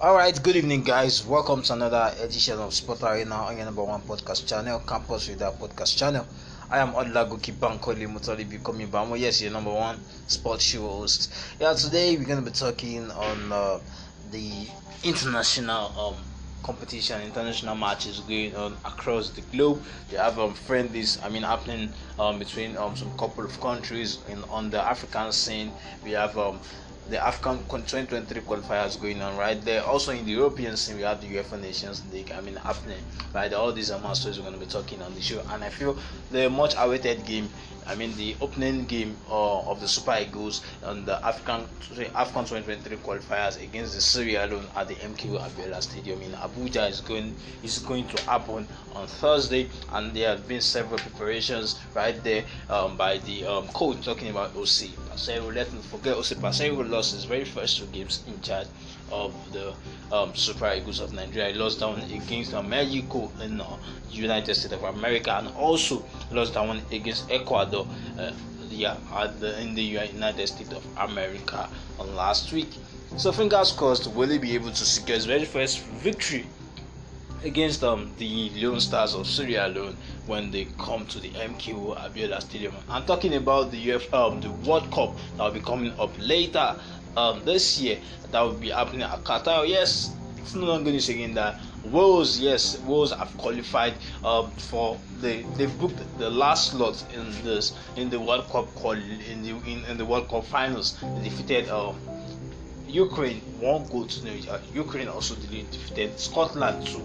Alright, good evening, guys. Welcome to another edition of Sport Arena on your number one podcast channel, Campus Radar Podcast Channel. I am Odlagoki Bankoli Mutalibi Komibamo. Yes, your number one sports show host. Yeah, today we're going to be talking on uh, the international um, competition, international matches going on across the globe. They have um, friendlies, I mean, happening um, between um, some couple of countries in on the African scene. We have um, the AFCON 2023 qualifiers going on right there. Also in the European scene, we have the UEFA Nations League. I mean, happening right. All these are masters we're going to be talking on the show, and I feel the much awaited game I mean the opening game uh, of the Super Eagles on the African African 2023 qualifiers against the Sierra Leone at the MKO Abiola Stadium in Abuja is going is going to happen on Thursday, and there have been several preparations right there um, by the um, coach talking about OC Pasero. Let's not forget OC Pasero lost his very first two games in charge of the um, Super Eagles of Nigeria. He lost down against Mexico in uh, the United States of America, and also lost down against Ecuador. Uh, yeah, at the, in the United States of America last week. So fingers crossed, will he be able to secure his very first victory against um, the Lone Stars of Syria alone when they come to the MKO Abiola Stadium. I'm talking about the UF, um, the World Cup that will be coming up later um, this year that will be happening at Qatar. Yes, it's no longer news again that Wales, yes, Wales have qualified um, for the they booked the last slot in this in the World Cup call in the in, in, the World Cup finals. They defeated uh, Ukraine one goal to nil. Uh, Ukraine also defeated Scotland two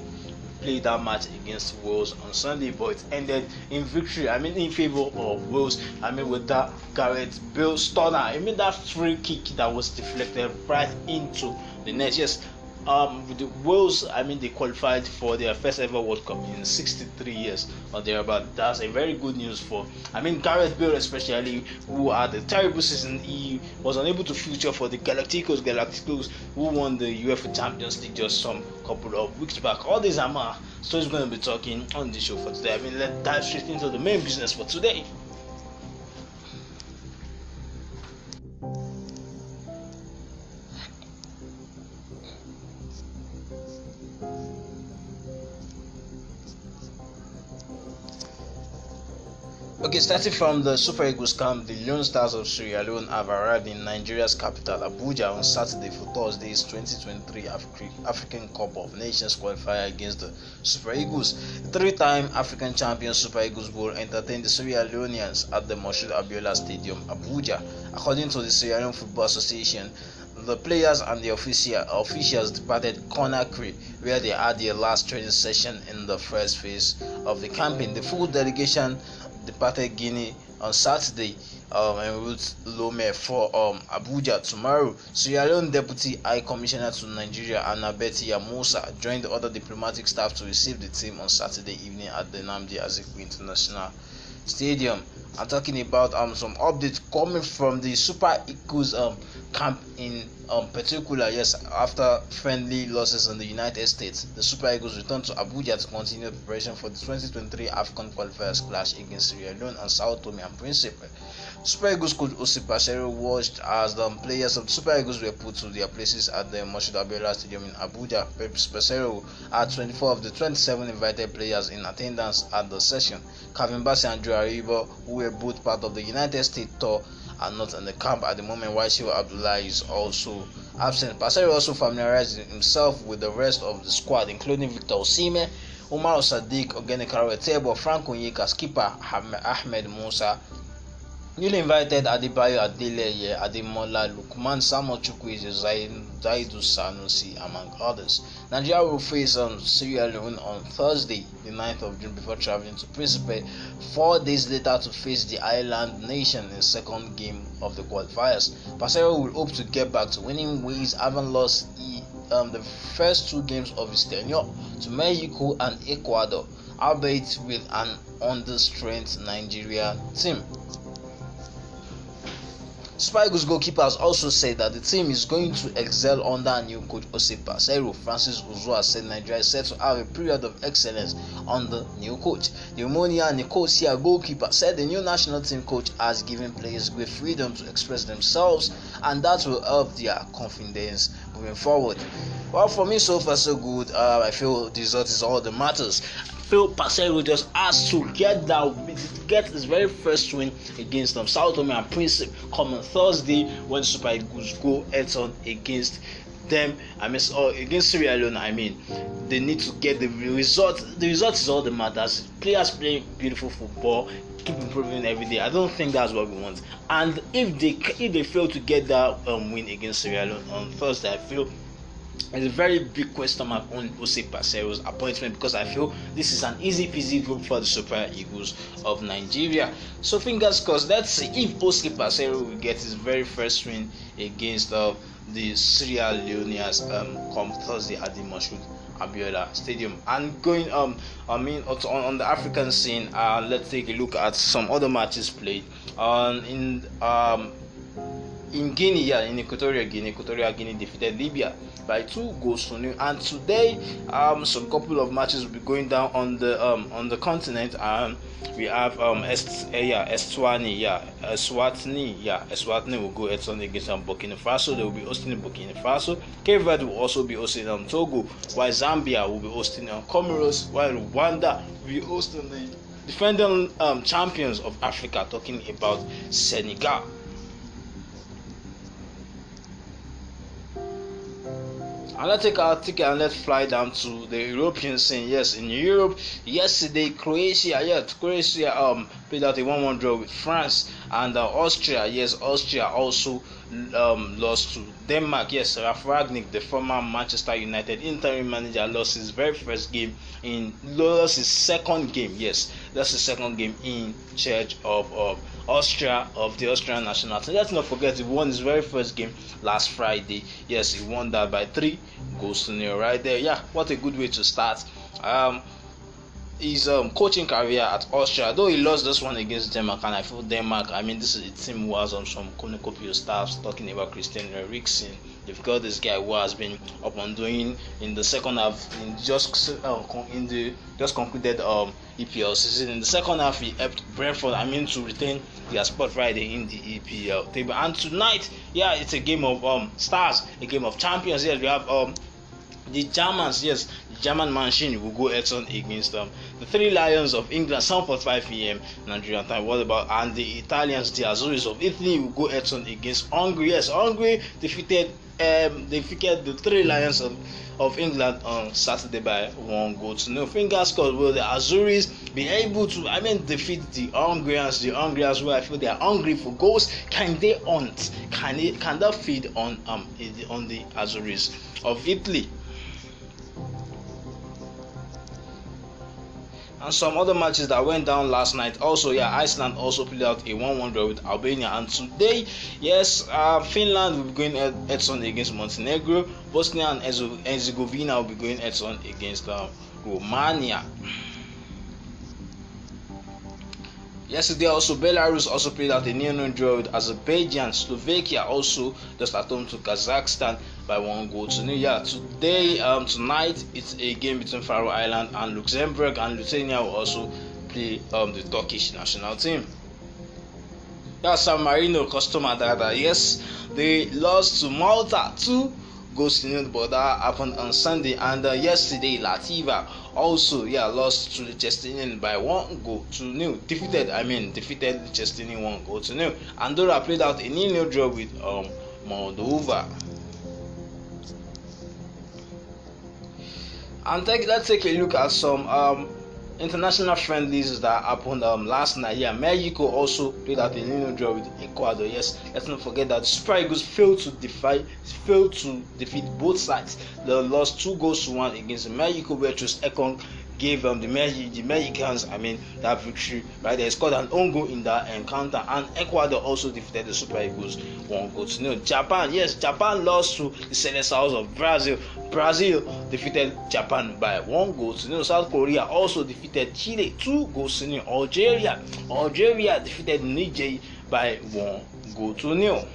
play that match against Wales on Sunday, but it ended in victory. I mean, in favor of Wales. I mean, with that Gareth Bill stunner. I mean, that free kick that was deflected right into the net. Yes, um, the Wales, I mean, they qualified for their first ever World Cup in 63 years or thereabout. That's a very good news for, I mean, Gareth Bale especially, who had a terrible season. He was unable to feature for the Galacticos, Galacticos, who won the UEFA Champions League just some couple of weeks back. All these are my stories going to be talking on the show for today. I mean, let's dive straight into the main business for today. Okay, starting from the Super Eagles camp, the Lone Stars of Sierra Leone have arrived in Nigeria's capital Abuja on Saturday for Thursday's 2023 African Cup of Nations qualifier against the Super Eagles. The three-time African champion Super Eagles will entertain the Sierra Leoneans at the Moshood Abiola Stadium, Abuja. According to the Sierra Leone Football Association, the players and the official, officials departed Conakry, where they had their last training session in the first phase of the campaign. The full delegation departed Guinea on Saturday um, en route Lomé for um, Abuja tomorrow. Sierra Leone Deputy High Commissioner to Nigeria Anabeti Yamusa joined the other diplomatic staff to receive the team on Saturday evening at the Namdi Azikiwe International Stadium. I'm talking about um, some updates coming from the Super Eagles um, camp in um, particular, yes, after friendly losses in the United States, the Super Eagles returned to Abuja to continue preparation for the 2023 AFCON qualifiers clash against Sierra Leone and Sao Tome and Principe. Super Eagles coach Osi Pacero watched as the um, players of the Super Eagles were put to their places at the Moshid Abiola Stadium in Abuja. Pacero had 24 of the 27 invited players in attendance at the session. Kevin Bassi and Drew Aribo, who were both part of the United States tour, are not in the camp at the moment, while Shiva Abdullah is also absent. Pasari also familiarized himself with the rest of the squad, including Victor Osime, Umar Sadiq, Ogene Karawetebo, Frank Onyeka, skipper Ahmed Musa, Newly invited Adibayo Adeleye, Ademola Lukman Zain Zaidu Sanusi, among others. Nigeria will face um, on on Thursday, the 9th of June, before traveling to Principe four days later to face the island nation in second game of the qualifiers. Pasero will hope to get back to winning ways, having lost um, the first two games of his tenure to Mexico and Ecuador, albeit with an understrength Nigeria team. Super goalkeepers also said that the team is going to excel under a new coach Jose Pasero. Francis Guzua said Nigeria is set to have a period of excellence under new coach. The Omonia Nicosia goalkeeper said the new national team coach has given players great freedom to express themselves and that will help their confidence moving forward. Well, for me, so far so good. Uh, I feel result is all that matters. failed Pasero just has to get that get his very first win against them. Um, South Tome and Prince coming Thursday when Super Eagles go head on against them i mean or against Sierra Leone i mean they need to get the result the result is all that matters players playing beautiful football keep improving every day i don't think that's what we want and if they if they fail to get that um, win against Sierra Leone on Thursday i feel It's a very big question mark on Jose Pacero's appointment because I feel this is an easy peasy group for the Super Eagles of Nigeria. So fingers crossed. Let's see if Jose Pacero will get his very first win against uh, the Sierra Lions um, come Thursday at the Moshood Abiola Stadium. And going um, I mean on, on the African scene, uh, let's take a look at some other matches played. Um, in um, in Guinea, yeah, in Equatorial Guinea, Equatorial Guinea defeated Libya by two goals to nil. And today, um, some couple of matches will be going down on the um on the continent. And we have um Est, uh, yeah, Eswatini, yeah, Eswatini, yeah, Eswatini will go head on against um, Burkina Faso. They will be hosting Burkina Faso. Cape Verde will also be hosting um Togo, while Zambia will be hosting um Comoros, while Rwanda will be hosting the defending um champions of Africa, talking about Senegal. And let's take our ticket and let's fly down to the European scene. Yes, in Europe, yesterday Croatia, yes, Croatia um played out a 1-1 draw with France and uh, Austria. Yes, Austria also um, lost to Denmark. Yes, Raf Ragnick, the former Manchester United interim manager, lost his very first game in lost his second game. Yes, that's the second game in charge of. Uh, Austria of the Austrian national team. Let's not forget he won his very first game last Friday. Yes, he won that by three goals to nil right there. Yeah, what a good way to start. Um, his um, coaching career at Austria, though he lost this one against Denmark, and I feel Denmark. I mean, this is a team who has um, some cornucopia staffs talking about Christian Eriksen they've got this guy who has been up and doing in the second half in just uh, in the just concluded um EPL season. In the second half, he helped Brentford, I mean, to retain their spot Friday in the EPL table. And tonight, yeah, it's a game of um stars, a game of champions. Yes, we have um the Germans, yes, the German machine will go head on against them. Um, the three Lions of England, 7.45 p.m. Nigerian time. What about and the Italians, the Azores of Italy will go head on against Hungary? Yes, Hungary defeated um, they defeated the three Lions of, of England on Saturday by one goal to nil. Fingers crossed, will the Azuris be able to, I mean, defeat the Hungarians? The Hungarians, where I feel they are hungry for goals, can they hunt? Can, it, can that feed on, um, on the Azuris of Italy? And some other matches that went down last night also, yeah, Iceland also played out a 1 1 draw with Albania. And today, yes, uh, Finland will be going heads on against Montenegro, Bosnia and Herzegovina will be going heads on against uh, Romania. Yesterday also Belarus also played out a nil-nil draw with Azerbaijan. Slovakia also just at home to Kazakhstan by one goal to nil. Yeah, today um, tonight it's a game between Faroe Island and Luxembourg, and Lithuania will also play um, the Turkish national team. That's San Marino customer data. Yes, they lost to Malta two goes Lino Borda happened on Sunday, and uh, yesterday Lativa also yeah lost to the Justinian by one goal to nil. Defeated, I mean defeated the Justinian one goal to nil. Andorra played out a nil draw with um, Moldova. And take, let's take a look at some um, international friendlies that happened um, last night. Yeah, Mexico also played at a nil draw with Ecuador. Yes, let's not forget that Super Eagles failed to defy, failed to defeat both sides. They lost two goals to one against Mexico, where chose gave um, the, Mex- the Mexicans, I mean, that victory. Right, they scored an own goal in that encounter, and Ecuador also defeated the Super Eagles one goal to nil. Japan, yes, Japan lost to the Celestials of Brazil. Brazil defeated Japan by one goal to nil. South Korea also defeated Chile two goals to nil. Algeria, Algeria defeated Niger by one goal to nil.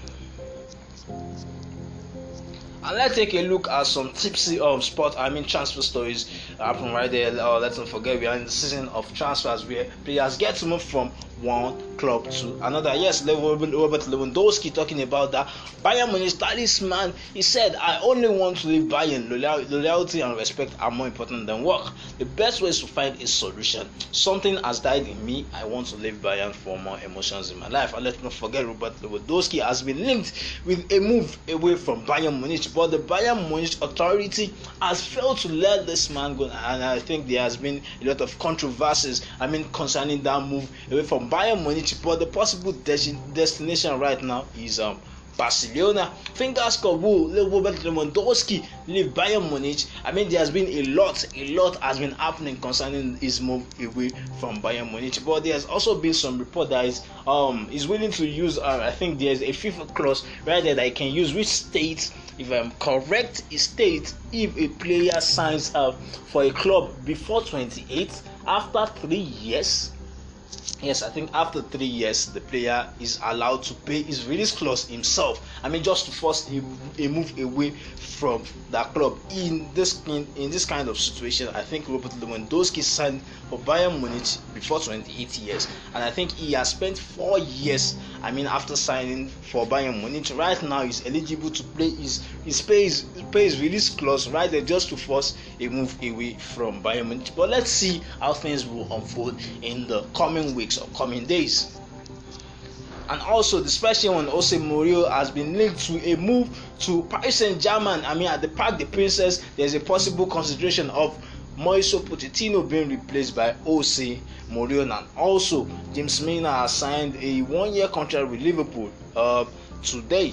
and let's take a look at some tipsy um sport I mean transfer stories happen right there. Uh, let's not forget we are in the season of transfers where players get to move from one club to another. Yes, Robert Lewandowski talking about that. Bayern Munich talisman. He said, "I only want to leave Bayern. Loyalty and respect are more important than work. The best way is to find a solution. Something has died in me. I want to leave Bayern for more emotions in my life." And let's not forget Robert Lewandowski has been linked with a move away from Bayern Munich but the Bayern Munich authority has failed to let this man go. And I think there has been a lot of controversies, I mean, concerning that move away from Bayern Munich. But the possible de- destination right now is um, Barcelona. Fingers crossed, will Robert Lewandowski leave Bayern Munich? I mean, there has been a lot, a lot has been happening concerning his move away from Bayern Munich. But there has also been some report that is um is willing to use. Uh, I think there's a FIFA clause right there that he can use, which states if i'm correct it states if a player signs up for a club before 28 after three years yes i think after three years the player is allowed to pay his release clause himself i mean just to force a, a move away from that club in this in, in this kind of situation i think robert lewandowski signed for bayern munich before 28 years and i think he has spent four years I mean, after signing for Bayern Munich, right now he's eligible to play his his pay is pay is release clause right there just to force a move away from Bayern Munich. But let's see how things will unfold in the coming weeks or coming days. And also, the special one, Jose Mourinho, has been linked to a move to Paris Saint Germain. I mean, at the Park the Princess, there's a possible consideration of Moiso Pochettino being replaced by Jose Mourinho, and also James Milner has signed a one-year contract with Liverpool uh, today.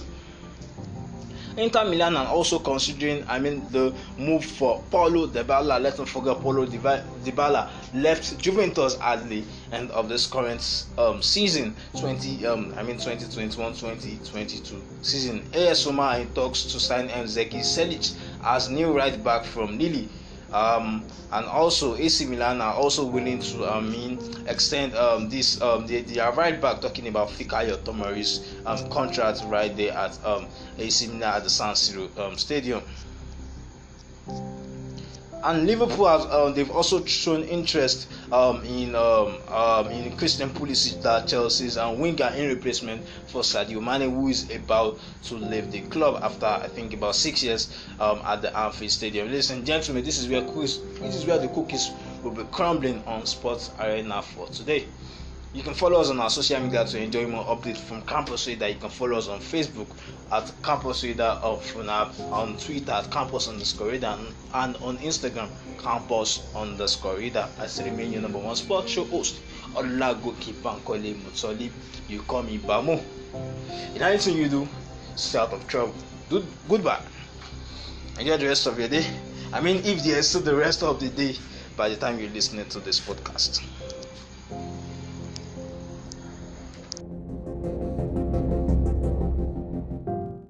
Inter Milan and also considering, I mean, the move for Paulo Dybala. Let's not forget Paulo Dybala left Juventus at the end of this current um, season, 20, um, I mean, 2021-2022 season. AS Roma talks to sign Mzeki Selic as new right back from Lille. Um, and also AC Milan are also willing to I mean extend um, this um, they, they are right back talking about Fikayo Tomori's um, contract right there at um, AC Milan at the San Siro um, stadium and Liverpool has um, they've also shown interest um, in um, um in Christian Pulisic that Chelsea's and um, winger in replacement for Sadio Mane, who is about to leave the club after I think about six years um, at the Anfield Stadium. Ladies and gentlemen, this is where this is where the cookies will be crumbling on Sports Arena for today. You can follow us on our social media to enjoy more updates from Campus Reader. You can follow us on Facebook at Campus Reader Funab, on Twitter at Campus underscore Radar, and on Instagram Campus underscore Radar. As remain your number one sports show host, Lago Bankole Mutoli. You call me Bamu. In anything you do, stay out of trouble. Good, goodbye. Enjoy the rest of your day. I mean, if there's still the rest of the day by the time you're listening to this podcast.